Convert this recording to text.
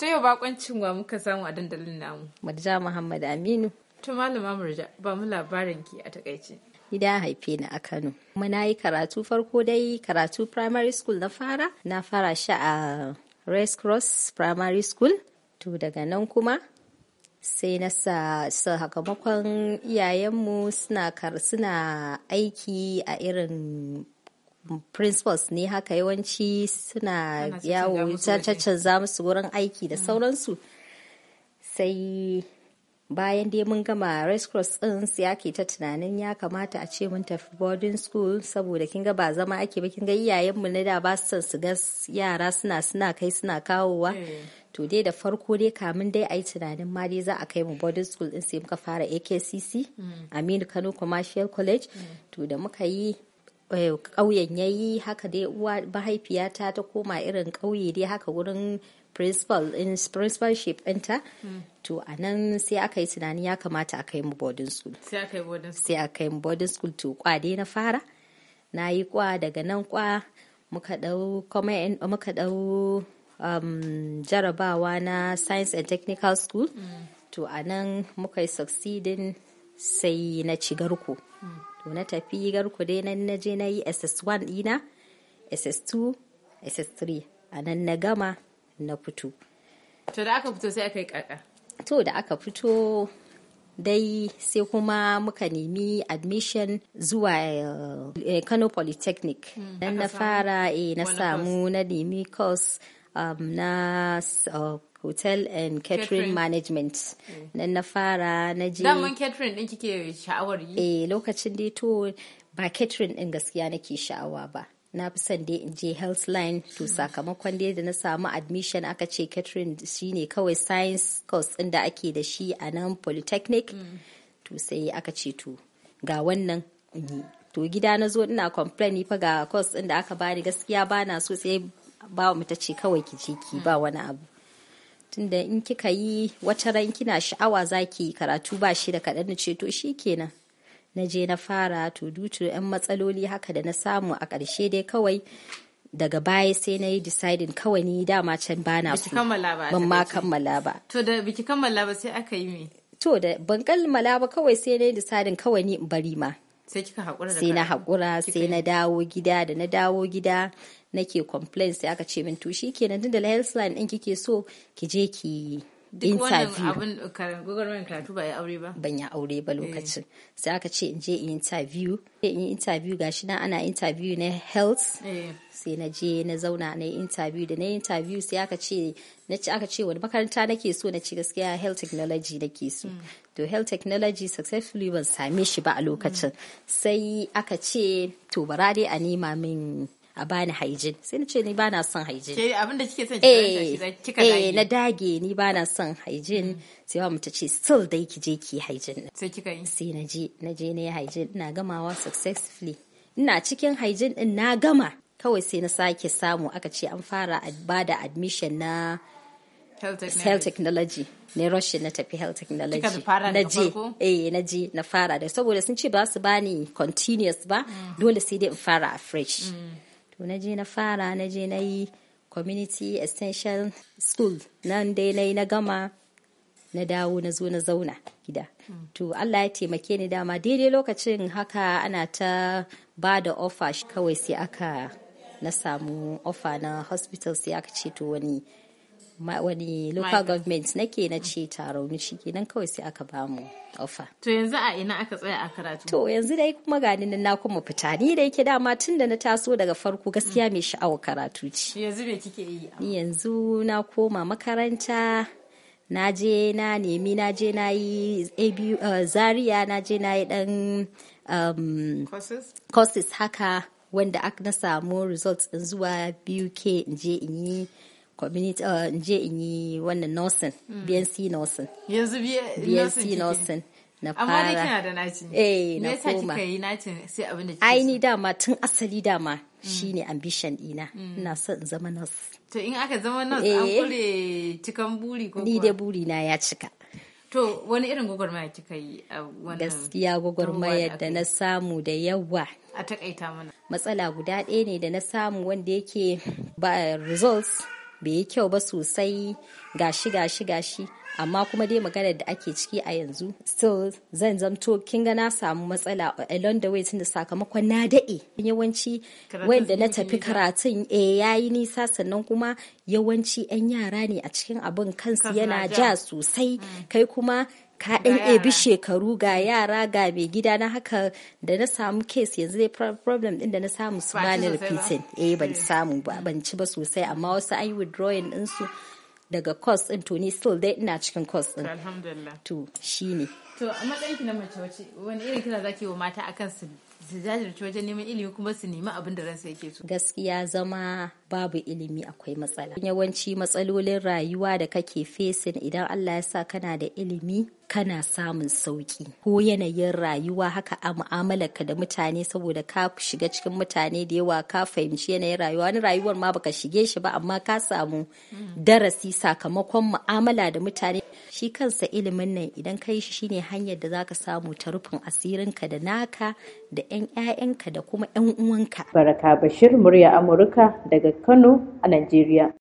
Ta yau bakoncin wa muka samu a dandalin namu. Murja Muhammad Aminu. To malama Murja ba mu labarin ki a takaice. Gida haife ni a Kano. muna yi karatu farko dai karatu primary school na fara. Na fara shi a Race Cross Primary School. To daga nan kuma sai na sa sakamakon iyayenmu suna aiki a irin principals ne haka yawanci suna yawo za musu wurin aiki da mm. sauransu sai bayan dai mun gama race cross din ya ke ta tunanin ya kamata a ce mun tafi boarding school saboda kin ga ba zama ake ba kin ga iyayen mu na da ba su son su ga yara suna suna kai suna kawowa eh. to dai da farko dai kamun dai a yi tunanin ma dai za a kai mu boarding school din sai muka fara AKCC mm. Aminu Kano Commercial College mm. to da muka yi Eh, ƙauyen ya yi haka dai uwa mahaifiyata ta koma irin ƙauye dai haka wurin principal in principalship ɗinta to a nan sai aka yi tunani ya kamata a kai mu boarding school sai a kai mu boarding school to kwa dai na fara na yi kwa daga nan kwa muka ɗau muka dau um, jarabawa na science and technical school mm. to a nan muka yi succeeding sai na ci garku to na tafi garku dai nan na je na yi ss1 dina ss2 ss3 a nan na gama na fito to da aka fito sai aka yi kaka to da aka fito dai sai kuma muka nemi admission zuwa uh, kano polytechnic hmm, nan na fara e, na samu eh, na nemi course um, na uh, hotel and catering, management mm. nan na fara na je daman catering din kike sha'awar yi eh lokacin dai to ba catering din gaskiya nake sha'awa ba na fi son dai in je health line to hmm. sakamakon dai da na samu admission aka ce catering shine kawai science course din da ake da shi a nan polytechnic hmm. to sai aka ce to ga wannan to gida na zo ina complain fa ga course din da aka bani gaskiya bana so sai ba mu ta ce kawai ki je ki hmm. ba wani abu tunda in kika yi wata ran kina sha'awa zaki karatu ba shi da kaɗan na ce to shi kenan na je na fara to dutu yan matsaloli haka da na samu a ƙarshe dai kawai daga baya sai na yi deciding kawai ni dama can bana ku. ban ma kammala ba to da biki kammala ba sai aka yi me to da ban kammala ba kawai sai na yi deciding kawai ni in bari ma sai kika hakura da sai na hakura sai na dawo gida da na dawo gida nake complain sai aka ce min to shi kenan tun da health line din kike so ki je ki interview duk wannan karatu ba ya aure ba ban ya aure ba eh. lokacin sai aka ce in je in interview in interview gashi na ana interview na health eh. sai na je na zauna na interview da na interview sai aka ce na ci aka ce wani makaranta nake so na ci gaskiya health technology nake so hmm. to health technology successfully ban same shi ba a lokacin hmm. sai aka ce to bara dai a nema min a bani haijin sai na ce ni bana son haijin ke abin da kike son eh, kika eh, dage na dage ni bana son haijin mm. sai wa mutu ce still dai ki je ki haijin sai kika yi sai na je na je na yi haijin ina gamawa successfully ina cikin haijin din na gama kawai sai na sake samu aka ce an fara ba da admission na health technology ne rushe na tafi health technology na je eh na je na fara da saboda sun ce ba su bani continuous ba mm. dole sai dai in fara a fresh mm. to na je na fara na je na yi community extension school nan dai na yi na gama na dawo na zo na zauna gida to allah ya taimake ni dama daidai lokacin haka ana ta ba da offer kawai sai aka na samu offer na hospital sai aka ce to wani wani local government nake na ce ni shi kenan kawai sai aka bamu ofa. To yanzu a ina aka tsaya a karatu? To yanzu dai kuma gani nan na kuma fita ni da yake dama tun da na taso daga farko gaskiya mai sha'awa karatu ce. Yanzu me kike yi? Ni yanzu na koma makaranta na je na nemi na je na yi uh, zaria na je na yi dan um, courses haka wanda na samu results din zuwa BUK in je in yi community uh, je in yi wannan nursing mm. bnc nursing yanzu bnc nursing na fara amma dai kina da naci eh na koma me yasa sai abin da ai ni dama tun asali dama mm. shine ambition dina mm. ina so in zama nurse to in aka zama nurse an eh. kure cikan buri ko ni dai buri na ya cika To wani irin gwagwarmaya kika yi a wannan gaskiya gwagwarmaya da na samu da yawa a takaita mana matsala guda ɗaya ne da na samu wanda yake ba results bai yi kyau ba sosai gashi gashi gashi amma kuma dai maganar da ake ciki a yanzu still zan zamto kin ga na samu matsala along the way tunda sakamakon na daɗe yawanci wanda na tafi karatun eh yayi nisa sannan kuma yawanci yan yara ne a cikin abin kansu yana ja sosai mm. kai kuma ka ɗan ebi shekaru ga yara ga mai gida na haka da na samu kes yanzu dai problem ɗin da na samu su ba ni repeating eh ban hmm. samu ba ban ci ba sosai amma wasu an yi withdrawing ɗinsu daga course ɗin to ni still dai ina cikin course ɗin to shine to a ki na mace wace wani irin kira zaki wa mata akan su su jajirce wajen neman ilimi kuma su nemi abin da ransa yake so gaskiya zama babu ilimi akwai matsala yawanci matsalolin rayuwa da kake fesin idan Allah ya sa kana da ilimi kana samun sauki ko yanayin rayuwa haka a mu'amalarka da mutane saboda ka shiga cikin mutane da yawa ka fahimci yanayin rayuwa wani rayuwar ma baka shige shi ba amma ka samu darasi sakamakon mu'amala da mutane shi kansa ilimin nan idan ka yi shi shine hanyar da zaka samu ta rufin asirinka da naka da 'yan 'ya'yanka da kuma 'yan uwanka baraka bashir murya amurka daga Kano a Najeriya.